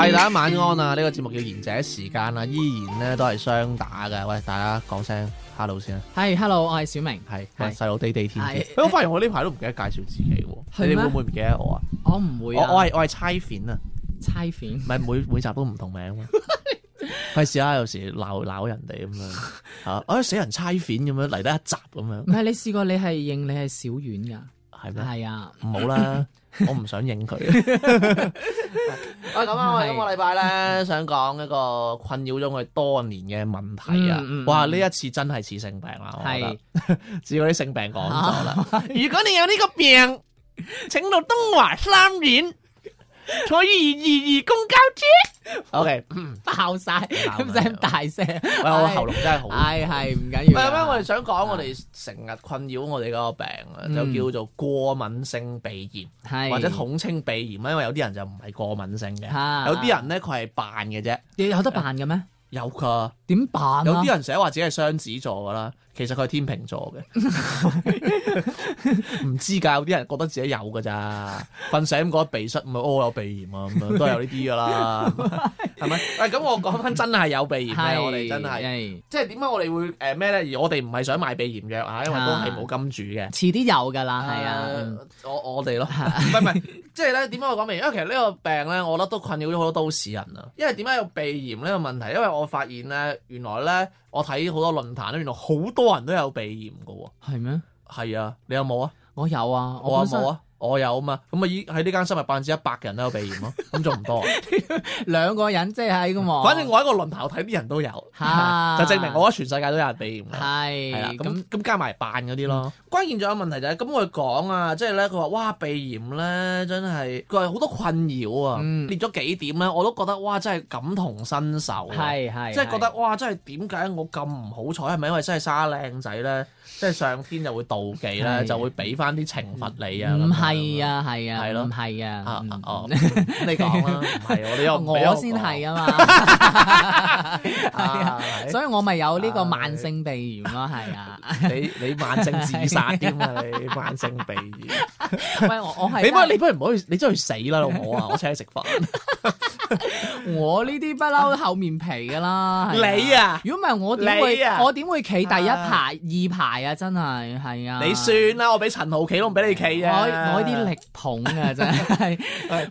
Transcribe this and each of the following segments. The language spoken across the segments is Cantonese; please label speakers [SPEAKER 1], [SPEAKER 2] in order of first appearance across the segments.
[SPEAKER 1] 係大家晚安啊！呢個節目叫賢者時間啊，依然咧都係雙打噶。喂，大家講聲 hello 先啊。係，hello，我係小明，係細佬，地地天。我發現我呢排都唔記得介紹自己，你哋會唔會唔記得我啊？我唔會啊。我係我係猜片啊。猜片？唔係每每集都唔同名啊。費事啊，有時鬧鬧人哋咁樣吓，我死人猜片咁樣嚟得一集咁樣。唔係你試過你係認你係小丸噶？係咩？係啊，唔好啦。我唔想應佢。喂，咁啊，我哋今個禮拜咧想講一個困擾咗佢多年嘅問題啊！哇、嗯，呢 一次真係似性病啦，係，只要啲性病講咗啦。 如果你有呢個病，請到東華三院。坐二二二公交車，OK，爆晒，唔使咁大聲，我喉嚨真係好，係，係唔緊要。我諗我哋想講，我哋成日困擾我哋嗰個病啊，就叫做過敏性鼻炎，嗯、或者統稱鼻炎，因為有啲人就唔係過敏性嘅，有啲人咧佢係扮嘅啫。你、啊、有得扮嘅咩？有噶的，點扮、啊？有啲人成日話自己係雙子座噶啦。其實佢係天秤座嘅，唔知噶，有啲人覺得自己有噶咋，瞓醒覺得鼻塞唔係屙有鼻炎啊，咁樣都有呢啲噶啦，係咪？ 誒、哎，咁、嗯 嗯、我講翻真係有鼻炎咧、啊呃，我哋真係，即係點解我哋會誒咩咧？而我哋唔係想賣鼻炎藥啊，因為都係冇金主嘅，遲啲有噶啦，係啊，啊，我我哋咯，唔係唔係，即係咧點解我講明？因為其實呢個病咧，我覺得都困擾咗好多都市人啦。因為點解有鼻炎呢個問題？因為我發現咧，原來咧。我睇好多論壇咧，原來好多人都有鼻炎嘅喎。係咩嗎？係啊，你有冇啊？我有啊！我，我有冇啊。我有嘛？咁啊，依喺呢間室咪百分之一百人都有鼻炎咯，咁仲唔多啊？兩個人即係咁喎。反正我喺個論壇睇啲人都有，就證明我喺全世界都有鼻炎。係，係啦，咁咁加埋扮嗰啲咯。關鍵仲有問題就係咁佢講啊，即係咧佢話哇鼻炎咧真係佢係好多困擾啊，列咗幾點咧我都覺得哇真係感同身受，係，係，即係覺得哇真係點解我咁唔好彩？係咪因為真係生得靚仔咧？即係上天就會妒忌咧，就會俾翻啲懲罰你啊？係啊，係啊，唔係啊，哦，你
[SPEAKER 2] 講啦，唔係我我先係啊嘛，
[SPEAKER 1] 所以我咪有呢個慢性鼻炎咯，係啊，你你慢性自殺添啊，你慢性鼻炎，喂我我係，你不如唔好去，你走去死啦，老母啊，我請你食飯，我呢啲不嬲厚面皮噶啦，你啊，如果唔係我點會我點會企第一排二排啊，真係係啊，你算啦，我俾陳豪企咯，唔俾你企啊，啲力捧啊， 真係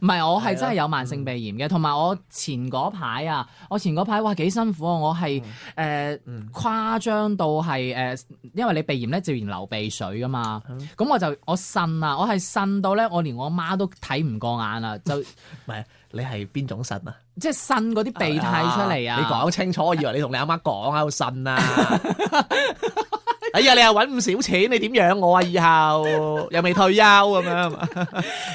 [SPEAKER 1] 唔係我係真係有慢性鼻炎嘅，同埋我前嗰排啊，我前嗰排哇幾辛苦啊，我係誒誇張到係誒、呃，因為你鼻炎咧自然流鼻水噶嘛，咁、嗯、我就我呻啊，我係呻到咧，我連我阿媽都睇唔過眼啦，就唔係 你係邊種呻啊？即係呻嗰啲鼻涕出嚟啊？哎、你講清楚，我以為你同你阿媽講喺度呻啊。 哎呀，你又搵唔少錢，你點養我啊？以後又未退休咁樣，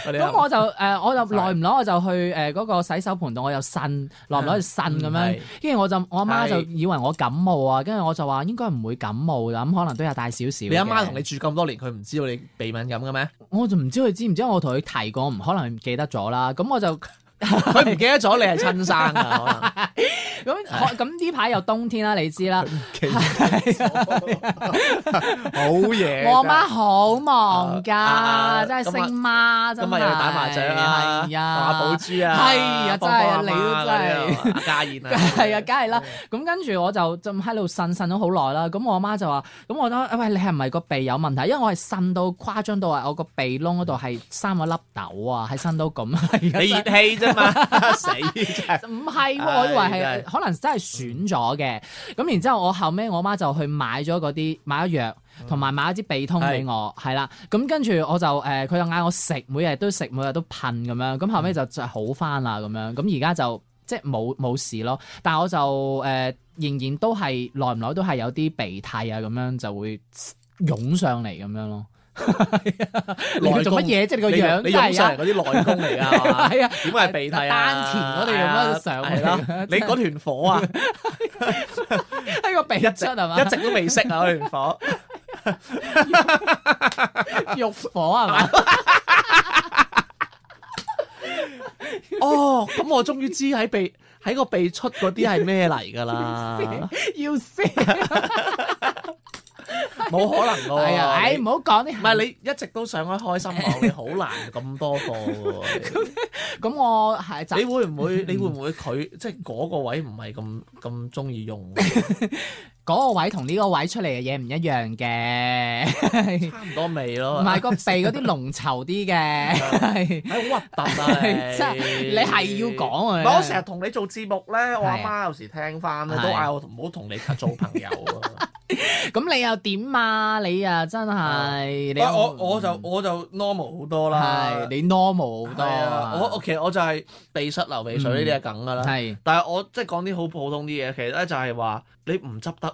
[SPEAKER 1] 咁 我就誒、 呃，我就耐唔耐，我就去誒嗰、呃嗰個洗手盆度，我又呻，耐唔耐就呻。咁樣。跟住、嗯、我就，我阿媽，媽就以為我感冒啊，跟住是我就話應該唔會感冒啊，咁、嗯、可能都有大少少。你阿媽同你住咁多年，佢唔知道你鼻敏感嘅咩？我就唔知佢知唔知，我同佢提過，唔可能記得咗啦。咁我就佢唔 記得咗，你係親生啊。咁咁呢排又冬天啦，你知啦，其實。我媽好忙噶，真係姓媽真係。咁咪打麻雀，將，打寶珠啊！係啊，真係你都真係家燕啊！係啊，梗係啦。咁跟住我就就喺度呻呻咗好耐啦。咁我媽就話：咁我覺得餵你係唔係個鼻有問題？因為我係呻到誇張到係我個鼻窿嗰度係三個粒豆啊，係呻到咁。你熱氣啫嘛，死！唔係，我以為係。可能真係損咗嘅。咁、嗯、然之後我後尾，我媽就去買咗嗰啲買咗藥，同埋買咗支鼻通俾我，係啦、嗯，咁跟住我就誒，佢、呃、就嗌我食，每日都食，每日都噴咁樣，咁後尾就就好翻啦咁樣，咁而家就即係冇冇事咯，但係我就誒、呃、仍然都係耐唔耐都係有啲鼻涕啊咁樣就會湧上嚟咁樣咯。你做乜嘢？即係個樣都係嗰啲內功嚟啊！係啊，點解係鼻涕啊？丹田，我哋用乜上去啦？你嗰團火啊？喺個鼻出係嘛？一直都未識啊，嗰團火。肉火係嘛？哦，咁我終於知喺鼻喺個鼻出嗰啲係咩嚟噶啦？要識！笑 冇 可能啊，㗎、哎呀，唔好講啲。唔係、哎、你一直都上開開心講， 你好難咁多個喎。咁我係，你會唔會？ 你會唔會佢 即係嗰個位唔係咁咁中意用？ 嗰個位同呢個位出嚟嘅嘢唔一樣嘅，差唔多味咯，唔係個鼻嗰啲濃稠啲嘅，係，係好核突啊！你係要講啊！唔係我成日同你做節目咧，我阿媽有時聽翻咧，都嗌我唔好同你做朋友啊！咁你又點啊？你啊真係，我我我就我就 normal 好多啦，你 normal 好多，我我其實我就係鼻塞流鼻水呢啲係梗噶啦，係，但係我即係講啲好普通啲嘢，其實咧就係話你唔執得。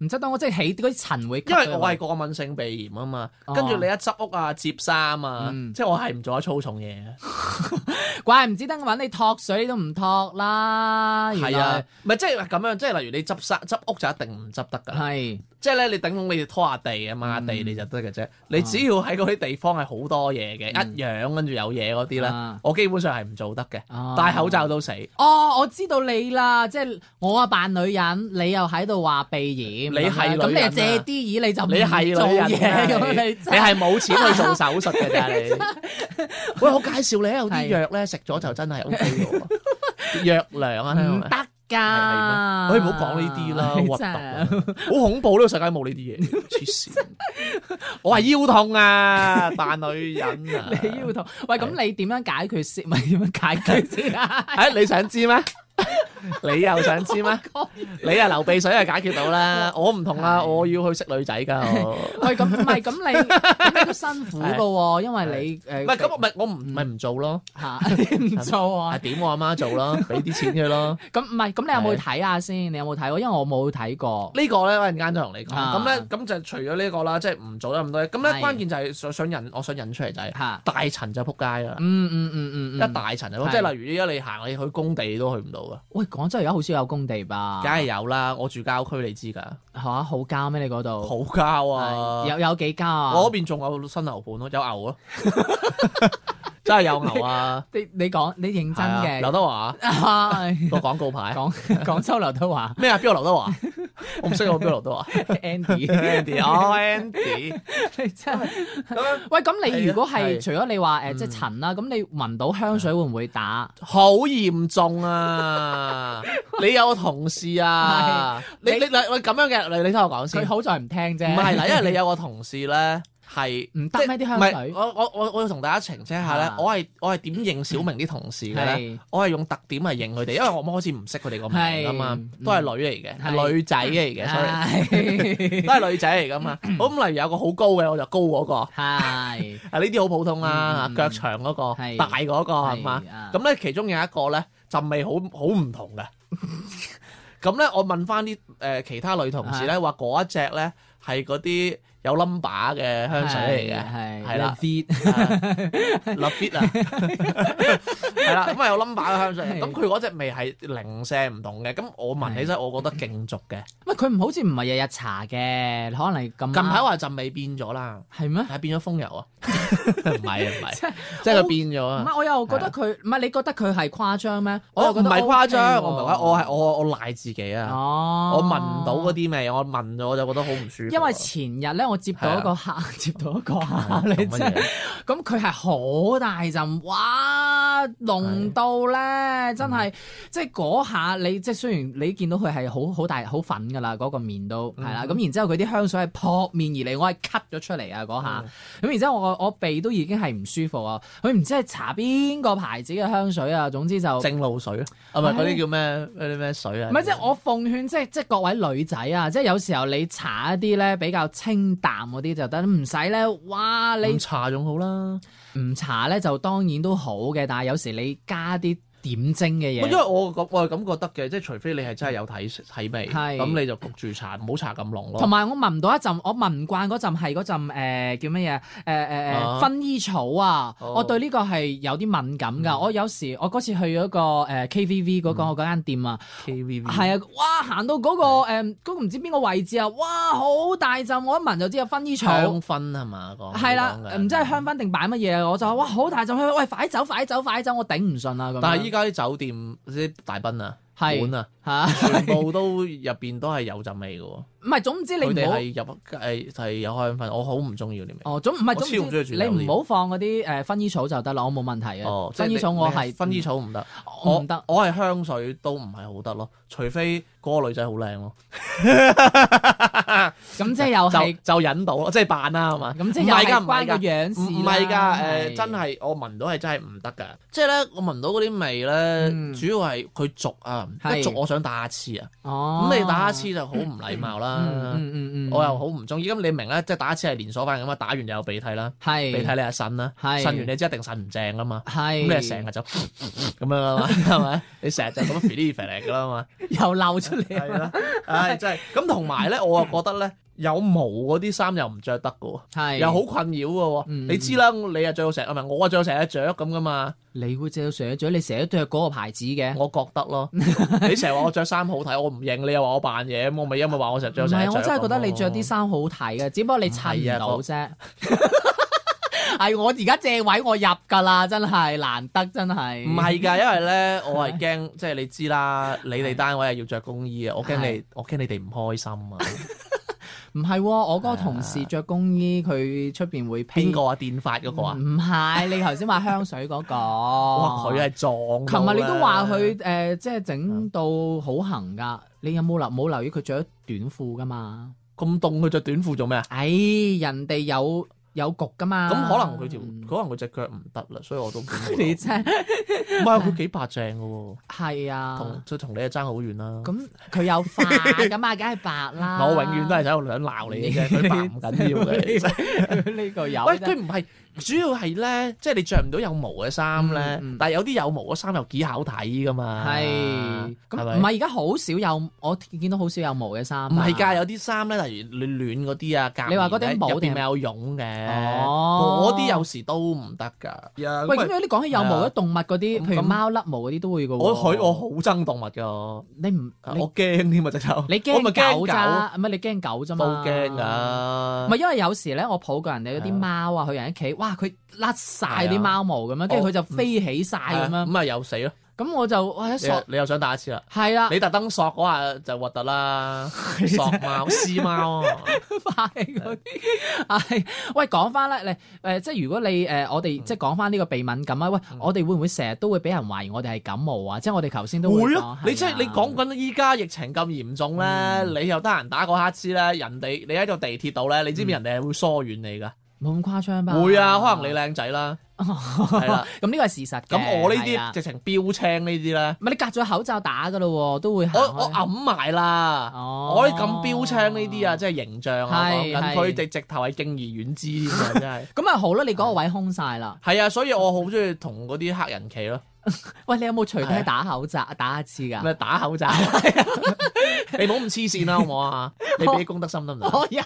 [SPEAKER 1] 唔執得，我即係起啲嗰啲塵會，因為我係過敏性鼻炎啊嘛，跟住你一執屋啊、接衫啊，即係我係唔做得粗重嘢，怪唔之得我搵你托水都唔托啦。係啊，唔係即係咁樣，即係例如你執衫、執屋就一定唔執得噶。係，即係咧，你頂籠你要拖下地、啊、抹下地你就得嘅啫。你只要喺嗰啲地方係好多嘢嘅，一樣跟住有嘢嗰啲咧，我基本上係唔做得嘅，戴口罩都死。哦，我知道你啦，即係我啊扮女人，你又喺度話鼻炎。你係咁，你借啲耳你就唔做嘢，你係冇錢去做手術嘅。你喂，我介紹你有啲藥咧，食咗就真係 O K 喎。藥良啊，唔得㗎，可以唔好講呢啲啦，好恐怖，呢個世界冇呢啲嘢，黐線！我係腰痛啊，扮女人啊，你腰痛？喂，咁你點樣解決先？唔係點樣解決先啊？誒，你想知咩？你又想知咩？你啊流鼻水啊解決到啦，我唔同啦，我要去識女仔噶。喂，咁唔係咁你辛苦噶，因為你唔係咁唔係我唔咪唔做咯，吓唔做啊？點我阿媽做啦？俾啲錢佢咯。咁唔係咁你有冇去睇下先？你有冇睇過？因為我冇睇過呢個咧，一陣間就同你講。咁咧咁就除咗呢個啦，即係唔做得咁多。咁咧關鍵就係想引我想引出嚟就係，大塵就扑街啦。嗯嗯嗯嗯，一大塵就即係例如依家你行，你去工地都去唔到。喂，廣州而家好少有工地吧？梗係有啦，我住郊區，你知噶嚇，好交咩？你嗰度好交啊，有有幾郊啊？我嗰邊仲有新樓盤咯，有牛咯，真係有牛啊！ 牛啊你你講你，你認真嘅、啊？劉德華 個廣告牌，廣廣 州劉德華咩啊？邊個 劉德華。我唔識我邊度都啊，Andy，Andy 哦 Andy，你真係喂，咁 你如果係的除咗你話誒，嗯、即係塵啦，咁你聞到香水會唔會打？ 好嚴重啊！ 你有個同事啊， 你你你咁樣嘅，你你，你聽我講先，佢好在唔聽啫，唔係啦，因為你有個同事咧。 係唔得咩啲香水？我我我我要同大家澄清一下咧，我係我係點認小明啲同事嘅咧？我係用特點嚟認佢哋，因為我開始唔識佢哋個名啊嘛，都係女嚟嘅，女仔嚟嘅，所以都係女仔嚟噶嘛。咁例如有個好高嘅，我就高嗰個係啊呢啲好普通啊，腳長嗰個大嗰個係嘛？咁咧其中有一個咧，陣味好好唔同嘅。咁咧我問翻啲誒其他女同事咧，話嗰一隻咧係嗰啲。有 number 嘅香水嚟嘅，係啦 love it，love it 啊，係啦，咁啊有 number 嘅香水，咁佢嗰隻味係零舍唔同嘅，咁我聞起身我覺得勁俗嘅。喂，佢唔好似唔係日日搽嘅，可能係咁近排話陣味變咗啦，係咩？係變咗風油啊？唔係啊，唔係，即係佢變咗。啊，唔係，我又覺得佢，唔係你覺得佢係誇張咩？我又覺得唔係誇張，我我係我我賴自己啊！哦，我聞到嗰啲味，我聞咗我就覺得好唔舒服。因為前日咧，我。接到一個客，接到一個客你知，咁佢係好大陣，哇濃到咧，真係即係嗰下你即係雖然你見到佢係好好大好粉㗎啦，嗰個面都係啦，咁然之後佢啲香水係撲面而嚟，我係吸咗出嚟啊嗰下，咁然之後我我鼻都已經係唔舒服啊，佢唔知係搽邊個牌子嘅香水啊，總之就正露水咯，係咪嗰啲叫咩嗰啲咩水啊？唔係即係我奉勸即係即係各位女仔啊，即係有時候你搽一啲咧比較清淡。淡嗰啲就得，唔使咧。哇，你搽仲好啦，唔搽咧就當然都好嘅，但係有時，你加啲。點精嘅嘢，因為我我係咁覺得嘅，即係除非你係真係有體體味，咁是你就焗住搽，唔好搽咁濃咯。同埋我聞唔到一陣，我聞唔慣嗰陣係嗰陣、呃、叫乜嘢？誒誒誒薰衣草啊！啊我對呢個係有啲敏感㗎。嗯、我有時我嗰次去咗個誒、呃、KVV 嗰、嗰個、嗯、間店啊，KVV 係啊，哇！行到嗰、嗰個都唔、嗯呃嗰個、知邊個位置啊，哇！好大陣，我一聞就知有薰衣草香薰啊嘛，個係啦，唔知係香薰定擺乜嘢我就哇好大陣香，喂快走快走快走，我頂唔順啊。依家啲酒店嗰啲大賓啊！係啊，全部都入邊都係有陣味嘅。唔係，總之你哋係入誒係有香氛，我好唔中意啲味。哦，總唔係總，你唔好放嗰啲誒薰衣草就得咯，我冇問題嘅。哦，薰衣草我係薰衣草唔得，我唔得，我係香水都唔係好得咯，除非個女仔好靚咯。咁即係又係就引到，即係扮啦，係嘛？咁即係大家唔關個樣事。唔係噶，誒真係我聞到係真係唔得噶。即係咧，我聞到嗰啲味咧，主要係佢俗啊。一續是我想打一次啊，咁、哦、你打一次就好唔禮貌啦，嗯嗯嗯、我又好唔中意。咁你明啦，即係打一次係連鎖反應咁啊，打完就有鼻涕啦，是鼻涕你又擤啦，擤是完你即一定擤唔正噶嘛，咁是你成日就咁樣啦嘛，係咪？ 你成日就咁肥呢肥嚟噶啦嘛， 又漏出嚟，係真係。咁同埋咧，我就覺得咧。有毛嗰啲衫又唔着得嘅，係又好困擾嘅。你知啦，你又着到成日，唔係我着到成日着咁噶嘛？你會着到成日着，你成日都着嗰個牌子嘅，我覺得咯。你成日話我着衫好睇，我唔認。你又話我扮嘢，咁我咪因為話我成日着衫。我真係覺得你着啲衫好睇嘅，只不過你襯唔到啫。係我而家借位我入噶啦，真係難得，真係。唔係㗎，因為咧，我係驚，即係你知啦，你哋單位係要着工衣嘅，我驚你，我驚你哋唔開心啊。唔係、啊，我個同事着工衣，佢出邊會披邊、啊、個啊？電髮嗰個啊？唔係，你頭先話香水嗰、嗰個。哇！佢係撞。琴日你都話佢誒，即係整到好行㗎。你有冇留冇留意佢著短褲㗎嘛？咁凍佢着短褲做咩啊？誒、哎，人哋有。有焗噶嘛？咁可能佢條，可能佢隻腳唔得啦，所以我都你正，唔係佢幾白淨嘅喎。係啊，就同你啊爭好遠啦。咁佢有發噶嘛？梗係白啦。我永遠都係喺度想鬧你嘅，佢白唔緊要嘅。呢個有，佢唔係。主要係咧，即係你着唔到有毛嘅衫咧，但係有啲有毛嘅衫又幾好睇噶嘛。係，咁唔係而家好少有，我見到好少有毛嘅衫。唔係㗎，有啲衫咧，例如暖暖嗰啲啊，隔面啲毛定咪有絨嘅。哦，嗰啲有時都唔得㗎。喂，咁如果你講起有毛嘅動物嗰啲，譬如貓甩毛嗰啲都會。我好憎動物㗎。你唔我驚添啊，隻狗。你驚？狗咋？唔係你驚狗咋嘛？都驚㗎。唔係因為有時咧，我抱過人哋嗰啲貓啊，去人屋企，佢甩晒啲貓毛咁樣，跟住佢就飛起晒咁樣，咁咪又死咯。咁我就我一索，你又想打一次啦？係啦，你特登索嗰下就核突啦，索貓撕貓，快喂，講翻啦，你誒，即係如果你誒，我哋即係講翻呢個鼻敏感啊。喂，我哋會唔會成日都會俾人懷疑我哋係感冒啊？即係我哋頭先都會咯。你即係你講緊依家疫情咁嚴重咧，你又得閒打個乞嗤咧，人哋你喺度地鐵度咧，你知唔知人哋係會疏遠你噶？冇咁誇張吧？會啊，可能你靚仔啦，係啦、哦嗯啊，咁呢個係事實。咁我呢啲直情標槍呢啲咧，唔係你隔咗口罩打噶咯，都會我我揞埋啦。哦，我哋咁標槍呢啲啊，真係形象啊，佢哋直頭係敬而遠之添，真係。咁、 嗯、啊好啦，你嗰個位空晒啦。係、 嗯、啊，所以我好中意同嗰啲黑人企咯。啊 喂，你有冇隨地打口罩，打一次噶？咪打口罩？你唔好咁黐線啦，好唔好啊？你俾公德心得唔得？我有，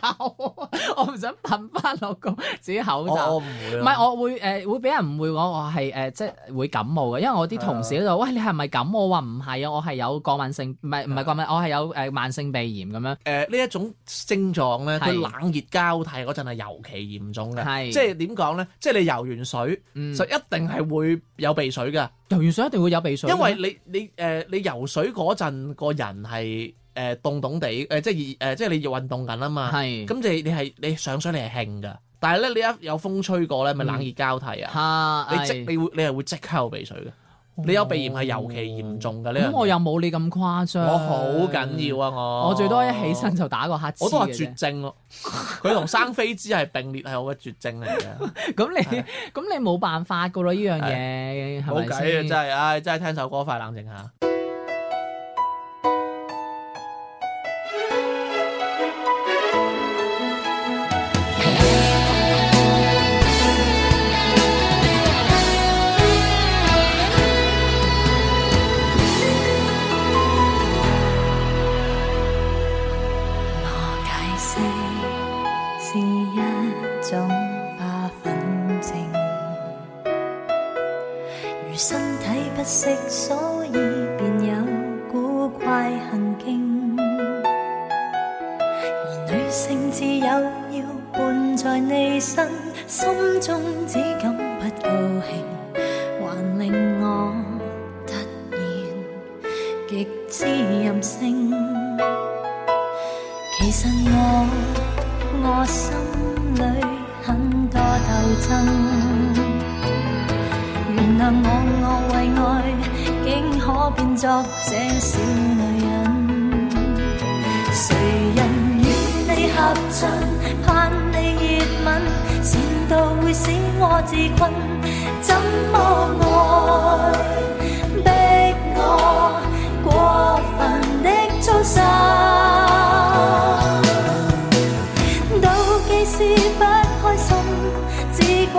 [SPEAKER 1] 我唔想噴翻落個自己口罩。我唔會。唔係我會誒，會俾人誤會我，我係誒即係會感冒嘅。因為我啲同事就喂你係咪係咁？我話唔係啊，我係有過敏性，唔係唔係過敏，我係有誒慢性鼻炎咁樣。誒呢一種症狀咧，佢冷熱交替嗰陣係尤其嚴重嘅。係即係點講咧？即係你游完水就一定係會有鼻水㗎。游完水一定會有鼻水，因為你你誒你，、呃、你游水嗰陣個人係誒凍凍地誒，即係熱誒，即係你運動緊啊嘛，咁是你你係你上水你係興噶，但係咧你一有風吹過咧，咪冷熱交替啊，嗯、你即是你，即你，你會你係會即刻有鼻水嘅。你有鼻炎，係尤其嚴重嘅呢。咁我又冇你咁誇張。我好緊要啊我，我最多一起身就打個乞嗤。我都話絕症咯，佢同 生飛滋係並列係我嘅絕症嚟嘅。咁 你咁是你冇辦法噶咯呢樣嘢，係咪先？冇計啊是吧！真係，唉，真係，哎、聽首歌快冷靜下。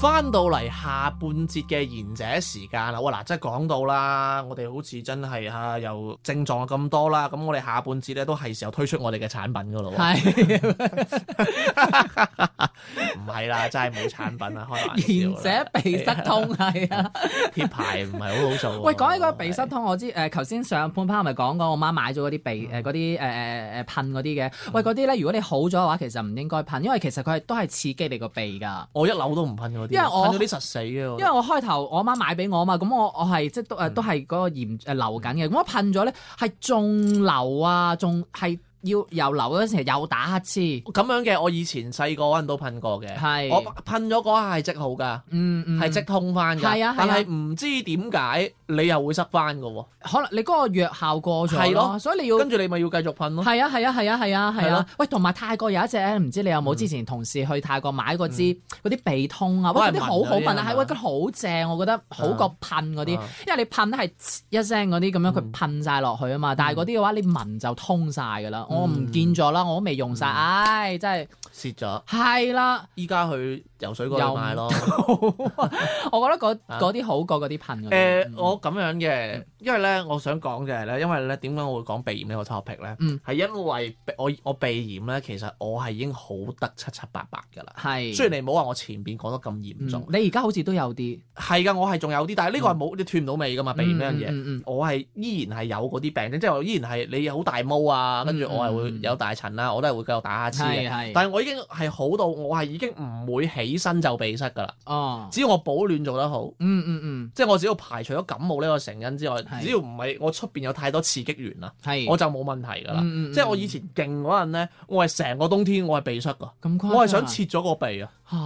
[SPEAKER 1] 翻到嚟下半節嘅賢者時間啦，哇嗱，即係講到啦，我哋好似真係吓，又症狀咁多啦，咁我哋下半節咧都係時候推出我哋嘅產品噶咯，係，唔係啦，真係冇產品啊，開玩笑啦，賢者鼻塞通係啊，貼牌唔係好好做、 呃嗯，喂，講起個鼻塞通，我知誒，頭先上半 part 咪講過，我媽買咗嗰啲鼻誒嗰啲誒誒誒噴嗰啲嘅，喂嗰啲咧，如果你好咗嘅話，其實唔應該噴，因為其實佢係都係刺激你個鼻噶，我一扭都唔噴因為我，噴咗啲實死嘅。因為我開頭我媽買俾我啊嘛，咁我我係即係都誒都係嗰個炎，誒、流緊嘅，咁我噴咗咧係仲流啊，仲係。要又流嗰陣時又打乞嗤，咁樣嘅，我以前細個陣都噴過嘅。係，我噴咗嗰下係即好㗎，嗯嗯，係即通返㗎。係啊係啊，但係唔知點解你又會塞返㗎喎？可能你嗰個藥效過咗。係咯，所以你要跟住你咪要繼續噴咯。係啊係啊係啊係啊係啊！喂，同埋泰國有一隻咧，唔知你有冇之前同事去泰國買嗰支嗰啲鼻通啊？喂，嗰啲好好噴啊！係，喂，佢好正，我覺得好過噴嗰啲，因為你噴係一聲嗰啲咁樣佢噴晒落去啊嘛，但係嗰啲嘅話你聞就通晒㗎啦。我唔見咗啦，我都未用晒，唉，嗯，哎，真係。蝕咗，係啦！依家去游水嗰度買咯。我覺得嗰啲好過嗰啲朋友。誒，我咁樣嘅，因為咧，我想講嘅係咧，因為咧，點解我會講鼻炎呢個 topic 咧？嗯，係因為我我鼻炎咧，其實我係已經好得七七八八㗎啦。係。雖然你唔好話我前邊講得咁嚴重，你而家好似都有啲。係㗎，我係仲有啲，但係呢個係冇你斷唔到尾㗎嘛？鼻炎呢樣嘢，我係依然係有嗰啲病症，即係我依然係你好大毛啊，跟住我係會有大塵啦，我都係會繼續打下針，但係我已經係好到我係已經唔會起身就鼻塞噶啦，哦，只要我保暖做得好，嗯嗯嗯，即係我只要排除咗感冒呢個成因之外，只要唔係我出邊有太多刺激源啦，係，我就冇問題噶啦，即係我以前勁嗰陣咧，我係成個冬天我係鼻塞噶，我係想切咗個鼻啊，吓，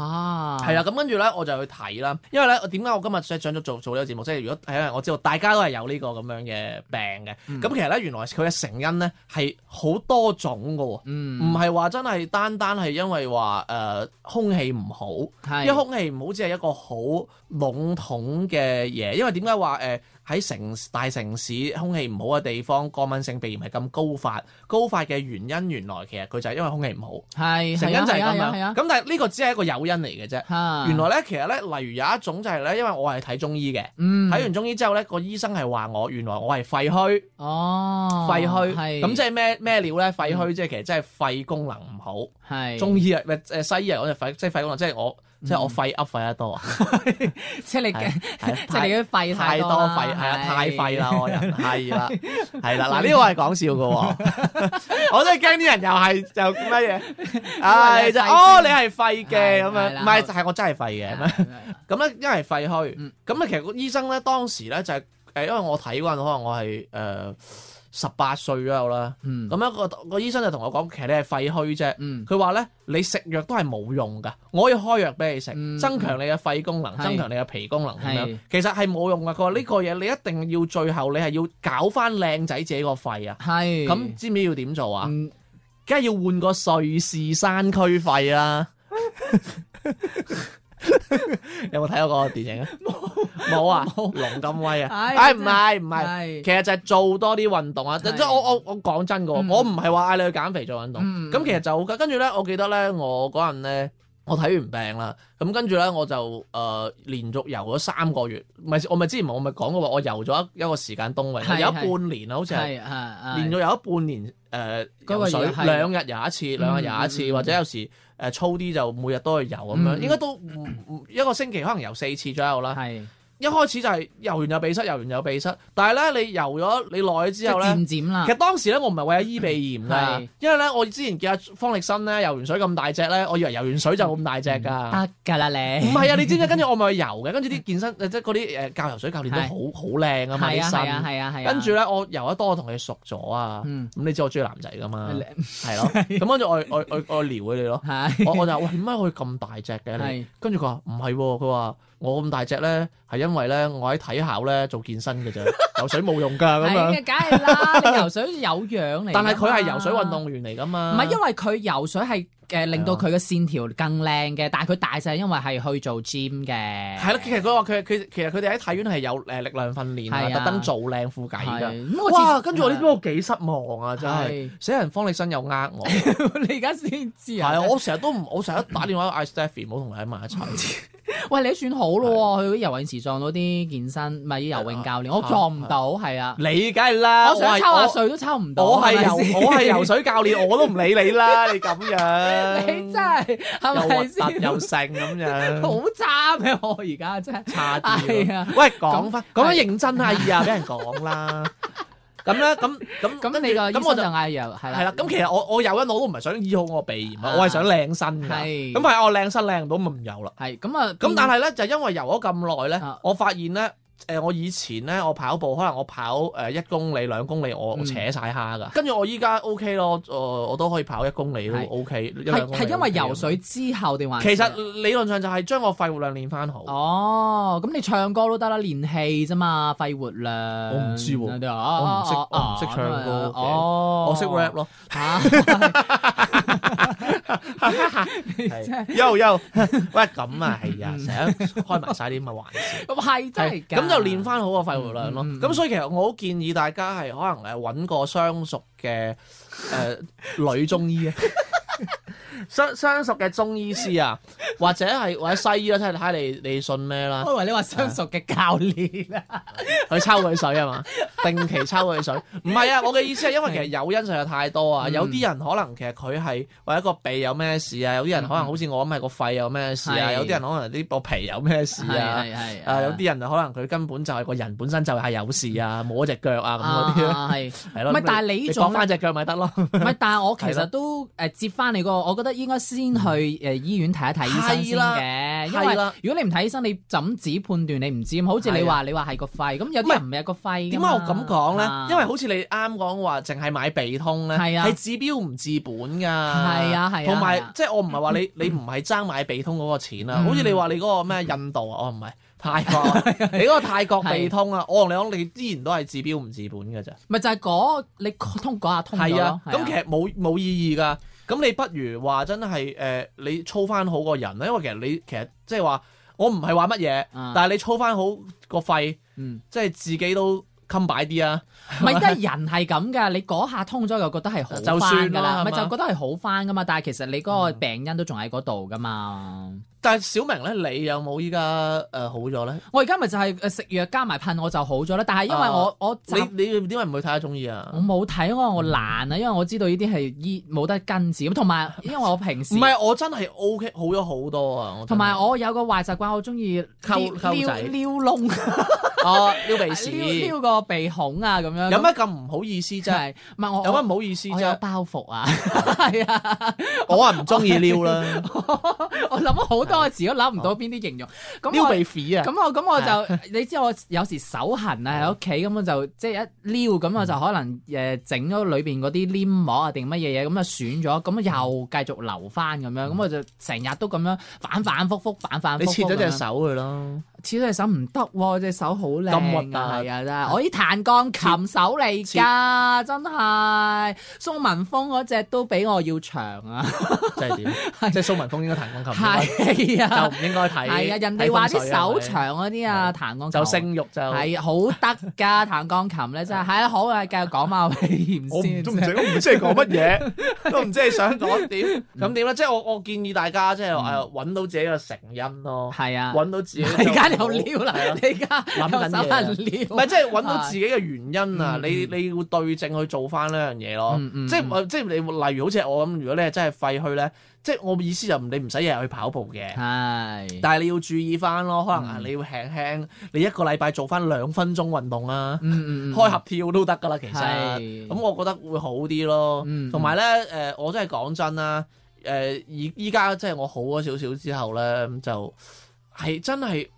[SPEAKER 1] 係啊，咁跟住咧我就去睇啦，因為咧，我點解我今日想係咗做做呢個節目，即係如果，因為我知道大家都係有呢個咁樣嘅病嘅，咁其實咧原來佢嘅成因咧係好多種噶，嗯，唔係話真係單單。係因為話誒、呃、空氣唔好，係因為空氣唔好只係一個好籠統嘅嘢，因為點解話誒？喺城大城市空氣唔好嘅地方，過敏性鼻炎係咁高發。高發嘅原因原來其實佢就係因為空氣唔好，是成因就係咁樣。咁、啊啊啊啊、但係呢個只係一個誘因嚟嘅啫。啊、原來咧，其實咧，例如有一種就係咧，因為我係睇中醫嘅，睇、嗯、完中醫之後咧，個醫生係話我原來我係肺虛。哦，肺虛墟，咁即係咩咩料咧？肺虛即係其實即係肺功能唔好。係、嗯、中醫啊，誒西醫啊，我哋肺即係肺功能，即、就、係、是、我。即係我肺噏肺得多啊！即係你，即係你啲肺太多肺，太肺啦！我人係啦，係啦嗱，呢個係講笑噶，我都驚啲人又係又乜嘢，係就哦，你係肺嘅咁樣，唔係係我真係肺嘅咁樣，因為肺虛。咁咧，其實個醫生咧當時咧就係誒，因為我睇嗰陣可能我係誒。十八歲左右啦，咁一個個醫生就同我講，其實你係肺虛啫。佢話咧，你食藥都係冇用噶，我要開藥俾你食，嗯、增強你嘅肺功能，是增強你嘅脾功能咁是樣，其實係冇用噶。佢話呢個嘢，你一定要最後你係要搞翻靚仔自己個肺啊。咁是知唔知要點做啊？梗係、嗯、要換個瑞士山區肺啦、啊。 有冇睇過個電影啊？冇冇啊？龍金威啊？哎唔係唔係，其實就係做多啲運動啊！即我我我講真個，我唔係話嗌你去減肥做運動。咁其實就跟住咧，我記得咧，我嗰陣咧，我睇完病啦，咁跟住咧，我就誒連續游咗三個月，唔係我咪之前我咪講過，我游咗一個時間冬泳，游咗半年啊，好似係連續游咗半年，誒游水兩日游一次，兩日游一次，或者有時。誒粗啲就每日都去游，咁樣，嗯、應該都唔唔一個星期可能游四次左右啦。係。一開始就係游完又鼻塞，游完又鼻塞。但係咧，你游咗你耐咗之後咧，其實當時咧我唔係為咗醫鼻炎，係因為咧我之前見阿方力申咧游完水咁大隻咧，我以為游完水就咁大隻噶，得噶啦你。唔係啊，你知唔知？跟住我咪去游嘅，跟住啲健身即係嗰啲誒教游水教練都好好靚啊嘛啲身，係啊係啊係啊。跟住咧我游得多，同佢熟咗啊。咁你知我中意男仔噶嘛？係咯。咁跟住我我我我撩佢哋咯。我我就話：喂，點解可以咁大隻嘅？跟住佢話唔係，佢話。我咁大隻咧，係因為咧，我喺體校咧做健身嘅啫，游水冇用噶，咁啊， 梗係啦，你游水有氧嚟，但係佢係游水運動員嚟噶嘛，唔係因為佢游水係。誒，令到佢嘅線條更靚嘅，但係佢大細因為係去做 gym 嘅。係咯，其實佢話佢佢其實佢哋喺體院係有誒力量訓練特登做靚副偈噶。哇，跟住我呢個我幾失望啊！真係，死人方力申又呃我。你而家先知啊？係啊，我成日都唔，我成日打電話嗌 Stephy 唔好同你喺埋一齊。喂，你算好咯，去游泳池撞到啲健身，唔係游泳教練，我撞唔到。係啊，你梗係啦。我想抽下水都抽唔到。我係游我係游水教練，我都唔理你啦，你咁樣。你真係係咪先有性又剩咁樣，好 差咩？我而家真係差啲 啊！喂，講翻講翻認真下，阿楊俾人講啦。咁咧，咁咁咁你個咁我就嗌油。係啦。 係啦，咁其實我我游一耐我都唔係想醫好我鼻炎啊，我係想靚身嘅。係咁係我靚身靚到唔油啦。係咁啊，咁但係咧就因為游咗咁耐咧， 我發現咧。誒，我以前咧，我跑步可能我跑誒一公里、兩公里，我扯晒蝦噶。跟住我依家 O K 咯，我都可以跑一公里都 O K。係係因為游水之後定話？其實理論上就係將個肺活量練翻好。哦，咁你唱歌都得啦，練氣啫嘛，肺活量。我唔知喎，我唔識，我唔識唱歌。哦，我識 rap 咯。係，係 是，係 的，係，休休，喂，咁啊，係啊，成日開埋晒啲咁嘅玩笑，咁係 真係的，咁就練翻好個肺活量咯。咁、嗯嗯、所以其實我好建議大家係可能誒搵個相熟嘅誒女中醫啊。 相相熟嘅中醫師啊，或者係或者西醫咯，睇你你信咩啦？我以為你話相熟嘅教練啊，去抽佢水啊嘛，定期抽佢水。唔係啊，我嘅意思係因為其實有因素有太多啊。有啲人可能其實佢係或者個鼻有咩事啊，有啲人可能好似我咁係個肺有咩事啊，有啲人可能個脾有咩事啊，有啲人可能佢根本就係個人本身就係有事啊，冇咗隻腳啊咁嗰啲啊。係係咯。唔係，但係你仲，你講翻隻腳咪得咯？唔係，但係我其實都誒接翻你個，我得應該先去誒醫院睇一睇醫生先嘅，因為如果你唔睇醫生，你怎止判斷你唔知，好似你話你話係個肺咁，有啲人唔係個肺。點解我咁講咧？因為好似你啱講話，淨係買鼻通咧，係治標唔治本噶。係啊係啊，同埋即係我唔係話你你唔係爭買鼻通嗰個錢啦。好似你話你嗰個咩印度啊，我唔係泰國，你嗰個泰國鼻通啊，我同你講，你依然都係治標唔治本噶咋。咪就係嗰你通嗰下通咗啊，咁其實冇冇意義噶。咁你不如話真係誒、呃，你操翻好個人啦，因為其實你其實即係話我唔係話乜嘢，嗯、但係你操翻好個肺，嗯、即係自己都襟擺啲啊！咪即係人係咁㗎，你嗰下通咗又覺得係好翻㗎啦，咪就覺得係好翻㗎嘛。但係其實你嗰個病因都仲喺嗰度㗎嘛。嗯。但係小明咧，你有冇依家誒好咗咧？我而家咪就係誒食藥加埋噴，我就好咗啦。但係因為我、呃、我就你你點解唔去睇下中醫啊？我冇睇，因為我懶啊。因為我知道呢啲係醫冇得根治，同埋因為我平時唔係我真係 OK 好咗好多啊！同埋我有個壞習慣，我中意撩撩窿。哦，撩鼻屎，撩個鼻孔啊，咁樣，有乜咁唔好意思？真係，唔係我有乜唔好意思？我有包袱啊，係啊，我係唔中意撩啦。我諗咗好多字都諗唔到邊啲形容。咁撩鼻屎啊！咁我咁我就，你知我有時手痕啊喺屋企咁我就，即係一撩咁我就可能誒整咗裏邊嗰啲黏膜啊定乜嘢嘢咁啊損咗，咁又繼續留翻咁樣，咁我就成日都咁樣反反复覆反反复复。你切咗隻手佢咯。似隻手唔得喎，隻手好靚，係啊，真係我以彈鋼琴手嚟㗎，真係蘇文峰嗰隻都比我要長啊！即係點？即係蘇文峰應該彈鋼琴。係啊，就唔應該睇。係啊，人哋話啲手長嗰啲啊，彈鋼就性慾就係啊，好得㗎彈鋼琴咧，真係係啊，好啊，繼續講馬先。我唔中意，我唔知你講乜嘢，都唔知你想講點，咁點咧？即係我我建議大家即係誒揾到自己嘅成因咯。係啊，揾到自己，有料啦！你而家諗緊嘢，唔係即係揾到自己嘅原因啊！你你要對症去做翻呢樣嘢咯，即係即係你例如好似我咁，如果你真係廢墟咧，即係我嘅意思就你唔使日日去跑步嘅，係。但係你要注意翻咯，可能你要輕輕，你一個禮拜做翻兩分鐘運動啦，
[SPEAKER 2] 開合
[SPEAKER 1] 跳都得噶啦，其實。咁我覺得會好啲咯，同埋咧誒，我真係講真啦，誒依依家即係我好咗少少之後咧，就係真係。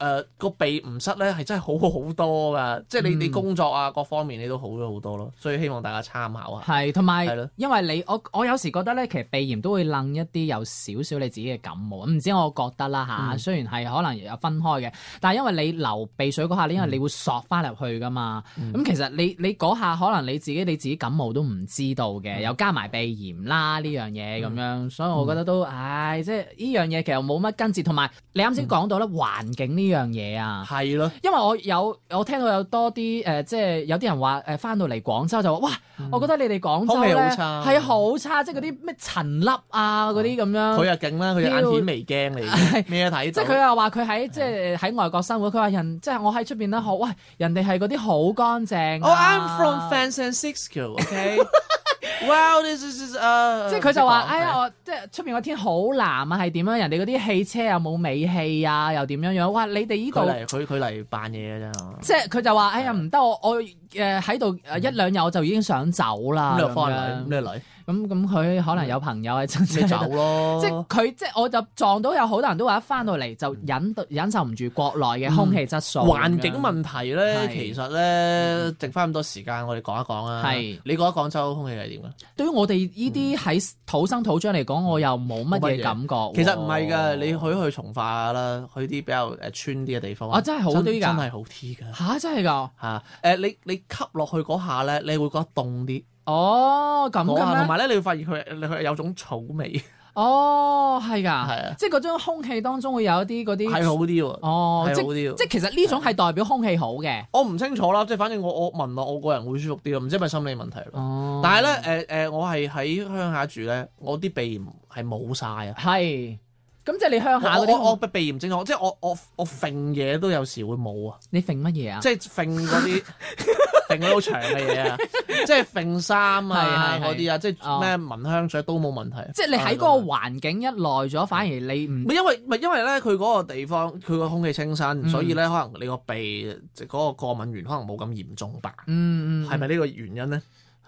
[SPEAKER 1] 誒、呃個鼻唔塞咧，係真係好好多噶，即係你你工作啊，各方面你都好咗好多咯，所以希望大家參考啊。係，同埋係咯，的因為你我我有時覺得咧，其實鼻炎都會冷一啲，有少少你自己嘅感冒。唔知我覺得啦吓，啊嗯、雖然係可能有分開嘅，但係因為你流鼻水嗰下，嗯、因為你會索翻入去噶嘛。咁，嗯嗯、其實你你嗰下可能你自己你自己感冒都唔知道嘅，嗯、又加埋鼻炎啦呢樣嘢咁樣，嗯嗯、所以我覺得都唉，即係呢樣嘢其實冇乜根治。同埋你啱先講到咧環境呢？樣嘢啊，係咯，因為我有我聽到有多啲誒，即係有啲人話誒，翻到嚟廣州就話，哇，我覺得你哋廣州咧係啊，好差，即係嗰啲咩塵粒啊嗰啲咁樣。佢又勁啦，佢眼顯微鏡嚟，咩睇？即係佢又話佢喺即係喺外國生活，佢話人即係我喺出邊咧，好喂，人哋係嗰啲好乾淨。我 Oh, I'm from San Francisco, okay? Wow, is, uh, 即係佢就話，哎呀，我即係出邊個天好藍啊，係點樣？人哋嗰啲汽車又冇尾氣啊，又點樣樣？哇！你哋呢度佢佢嚟扮嘢嘅啫。即係佢就話，的哎呀，唔得，我我誒喺度誒一兩日我就已經想走啦咁、嗯、樣。咁咁佢可能有朋友係真係走咯，即係佢即係我就撞到有好多人都話一翻到嚟就忍忍受唔住國內嘅空氣質素、環境問題咧，其實咧剩翻咁多時間，我哋講一講啊。係你覺得廣州空氣係點嘅？對於我哋呢啲喺土生土長嚟講，我又冇乜嘢感覺。其實唔係㗎，你去去從化啦，去啲比較誒村啲嘅地方。啊，真係好啲㗎，真係好啲㗎。吓，真係㗎吓？誒，你你吸落去嗰下咧，你會覺得凍啲。哦，咁嘅咩？同埋咧，你會發現佢，你佢有種草味。哦，係噶，係啊，即係嗰種空氣當中會有一啲嗰啲係好啲喎。哦，係好啲，即係其實呢種係代表空氣好嘅。我唔清楚啦，即係反正我我聞落，我個人會舒服啲咯，唔知係咪心理問題咯。哦，但係咧，誒誒，我係喺鄉下住咧，我啲鼻炎係冇晒啊。係，咁即係你鄉下嗰啲，我鼻炎症狀，即係我我我揈嘢都有時會冇啊。你揈乜嘢啊？即係揈嗰啲。 定嗰好長嘅嘢啊，即係揈衫啊嗰啲啊， 是是是即係咩聞香水都冇問題。即係你喺嗰個環境一耐咗，反而你唔係因為係因為咧，佢嗰個地方佢個空氣清新，嗯、所以咧可能你個鼻嗰個過敏源可能冇咁嚴重吧。嗯嗯，係咪呢個原因咧？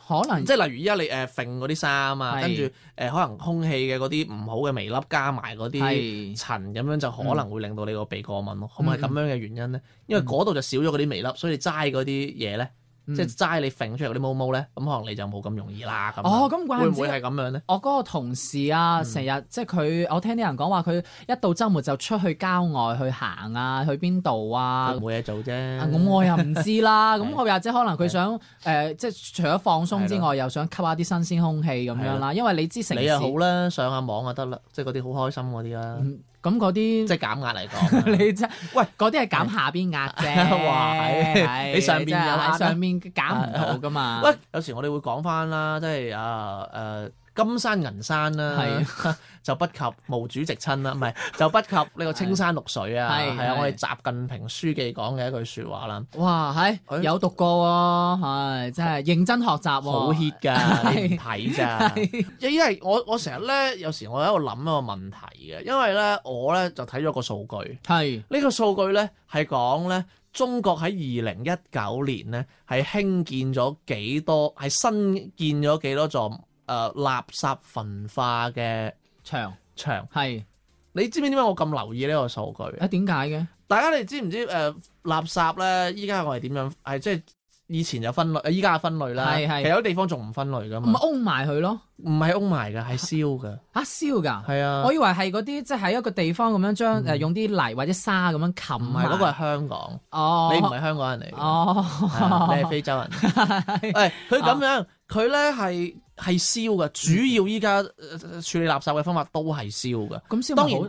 [SPEAKER 1] 可能即係例如依家你誒揈嗰啲衫啊，是跟住誒、呃、可能空氣嘅嗰啲唔好嘅微粒加埋嗰啲塵咁樣，就可能會令到你個鼻過敏咯。嗯、係咪係咁樣嘅原因咧？因為嗰度就少咗嗰啲微粒，所以你齋嗰啲嘢咧。即係齋你揈出嚟嗰啲毛毛咧，咁可能你就冇咁容易啦。咁會唔會係咁樣咧？我嗰個同事啊，成日即係佢，我聽啲人講話佢一到周末就出去郊外去行啊，去邊度啊？冇嘢做啫。咁我又唔知啦。咁我又即係可能佢想誒，即係除咗放鬆之外，又想吸下啲新鮮空氣咁樣啦。因為你知城市你好啦，上下網就得啦，即係嗰啲好開心嗰啲啦。咁嗰啲即係減壓嚟講， 你真喂嗰啲係減下邊壓嘅， 你上邊又喺上邊減唔到噶嘛？喂，有時我哋會講翻啦，即係啊誒。呃呃金山銀山啦、啊，啊、就不及毛主席親啦、啊，唔係 就不及呢個青山綠水啊。係是啊，我哋習近平書記講嘅一句説話啦、啊。哇，係、哎、有讀過、啊，係、哎、真係認真學習好 hit 㗎，你唔睇㗎。係係因為我我成日咧，有時我喺度諗一個問題嘅，因為咧我咧就睇咗個數據係呢是個數據咧係講咧中國喺二零一九年咧係興建咗幾多係新建咗幾多座。誒，垃圾焚化嘅場，場係，你知唔知點解我咁留意呢個數據？啊，點解嘅？大家你知唔知誒，垃圾咧，依家我哋點樣係即係以前有分類，依家有分類啦。係係，其實有啲地方仲唔分類噶嘛？咁漚埋佢咯，唔係漚埋噶，係燒噶。啊，燒噶？係啊，我以為係嗰啲即係喺一個地方咁樣將誒用啲泥或者沙咁樣冚埋。嗰個係香港哦，你唔係香港人嚟，哦，你係非洲人。誒，佢咁樣，佢咧係。係燒嘅，主要依家處理垃圾嘅方法都係燒嘅。咁燒當然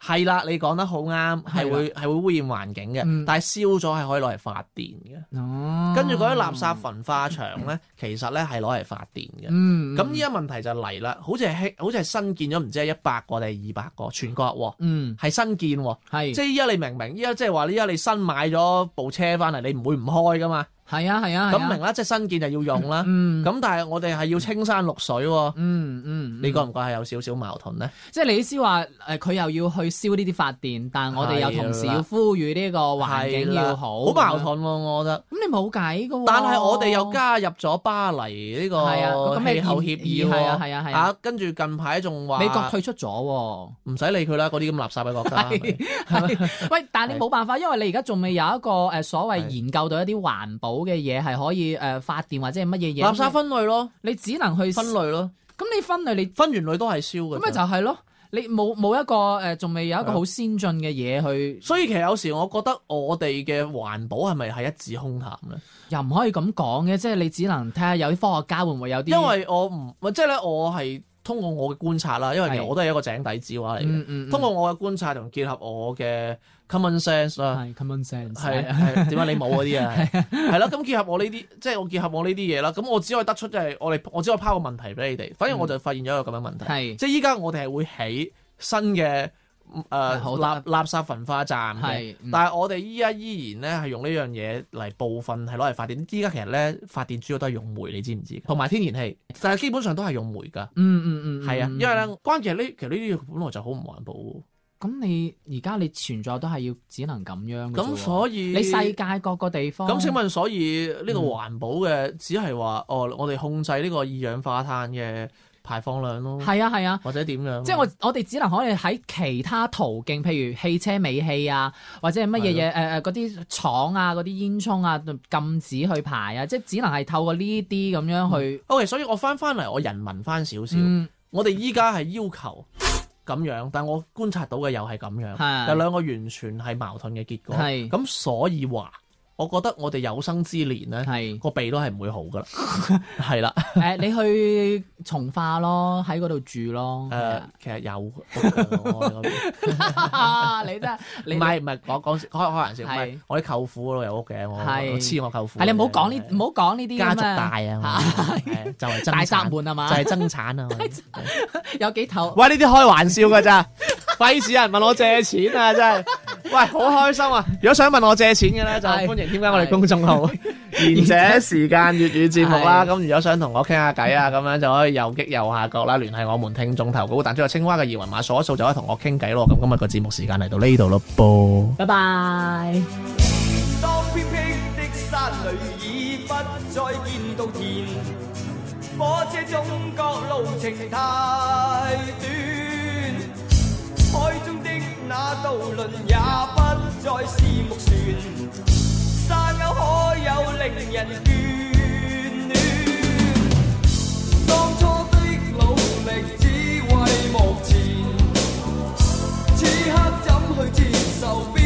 [SPEAKER 1] 係啦，你講得好啱，係會係的會污染環境嘅。嗯、但係燒咗係可以攞嚟發電嘅。哦，跟住嗰啲垃圾焚化場咧，其實咧係攞嚟發電嘅。嗯，嗯，咁依家問題就嚟啦，好似係好似係新建咗唔知係一百個定係二百個全國、啊、嗯，係新建喎。的即係依家你明唔明？依家即係話，依家你新買咗部車翻嚟，你唔會唔開噶嘛？係啊係啊，咁明啦，即係新建就要用啦。咁但係我哋係要青山綠水。嗯嗯，你覺唔覺係有少少矛盾咧？即係你意思話誒，佢又要去燒呢啲發電，但我哋又同時要呼籲呢個環境要好。好矛盾喎，我覺得。咁你冇計噶。但係我哋又加入咗巴黎呢個氣候協議。係啊係啊係啊。啊，跟住近排仲話美國退出咗，唔使理佢啦，嗰啲咁垃圾嘅國家。係。喂，但係你冇辦法，因為你而家仲未有一個誒所謂研究到一啲環保。好嘅嘢係可以誒、呃、發電或者係乜嘢嘢？垃圾分類咯，你只能去分類咯。咁你分類你，你分完類都係燒嘅。咁咪就係咯，你冇冇一個誒，仲未有一個好、呃、先進嘅嘢去。所以其實有時我覺得我哋嘅環保係咪係一紙空談咧？又唔可以咁講嘅，即係你只能睇下有啲科學家會唔會有啲。因為我唔，即係咧，我係通過我嘅觀察啦，因為其實我都係一個井底之蛙嚟嘅。嗯嗯嗯嗯，通過我嘅觀察同結合我嘅。common sense 啦，係 common sense，係啊，點解你冇嗰啲啊？係啦，咁結合我呢啲，即係我結合我呢啲嘢啦。咁我只可以得出，即係我哋我只可以拋個問題俾你哋。反而我就發現咗一個咁嘅問題，即係依家我哋係會起新嘅誒垃垃圾焚化站嘅。但係我哋依家依然咧係用呢樣嘢嚟部分係攞嚟發電。依家其實咧發電主要都係用煤，你知唔知？同埋天然氣，但係基本上都係用煤㗎。嗯嗯嗯，係啊，因為咧關鍵係呢，其實呢啲嘢本來就好唔環保。咁你而家，你存在都係要只能咁樣嘅。咁所以你世界各個地方咁。請問所以呢個環保嘅只係話、嗯哦，我我哋控制呢個二氧化碳嘅排放量咯。係啊係啊，啊或者點樣？即係我我哋只能可以喺其他途徑，譬如汽車尾氣啊，或者係乜嘢嘢誒誒嗰啲廠啊，嗰啲煙囪啊，禁止去排啊，即係只能係透過呢啲咁樣去、嗯。OK，所以我翻翻嚟，我人民翻少少，嗯、我哋依家係要求。咁樣，但我觀察到嘅又係咁樣，有兩係個完全係矛盾嘅結果。咁係所以話。我覺得我哋有生之年咧，個鼻都係唔會好噶啦，係啦。誒，你去從化咯，喺嗰度住咯。誒，其實有屋，你真係唔係唔係講講開開玩笑。我啲舅父嗰度有屋嘅，我黐我舅父。你唔好講呢唔好講呢啲家族大啊，就係大三門係嘛，就係爭產啊。有幾頭？喂，呢啲開玩笑噶咋？費事有人問我借錢啊！真係，喂，好開心啊！如果想問我借錢嘅咧，就歡迎。點解我哋公眾號賢者時間粵語節目啦？咁如果想同我傾下偈啊，咁樣就可以右擊右下角啦，聯繫我們聽眾投稿。彈出個青蛙嘅二維碼掃一掃就可以同我傾偈咯。咁今日個節目時間嚟到呢度咯，噃，拜拜。
[SPEAKER 2] 山丘可有，令人眷戀，當初的努力只為目前， 此刻怎去接受？